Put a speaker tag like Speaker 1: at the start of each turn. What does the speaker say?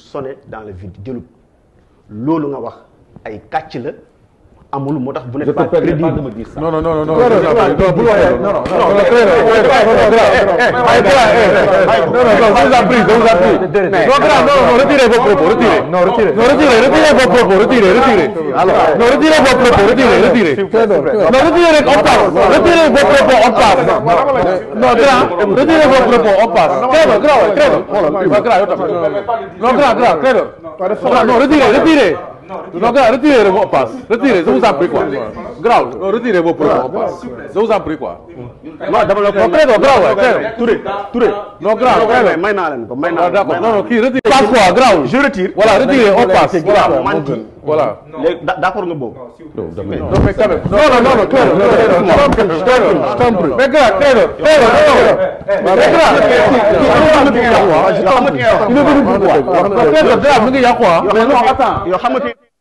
Speaker 1: sonné dans le vide jëlut loolu nga wax ay kàcc la amul moo tax bu nekk pas crédible non non non non non non
Speaker 2: non non non non non non
Speaker 1: gars retirez vos passes retirez je vous ko très bien grave waay très bien.
Speaker 3: Touré
Speaker 1: ko may naa leen kii retirez. passe quoi grave je retire. voilà retirez on passe voilà léegi d'accord nga boobu. non mais non mais quand même. non non non non Clédor Clédor mais gars Clédor Clédor mais gars. mais gars. mais gars.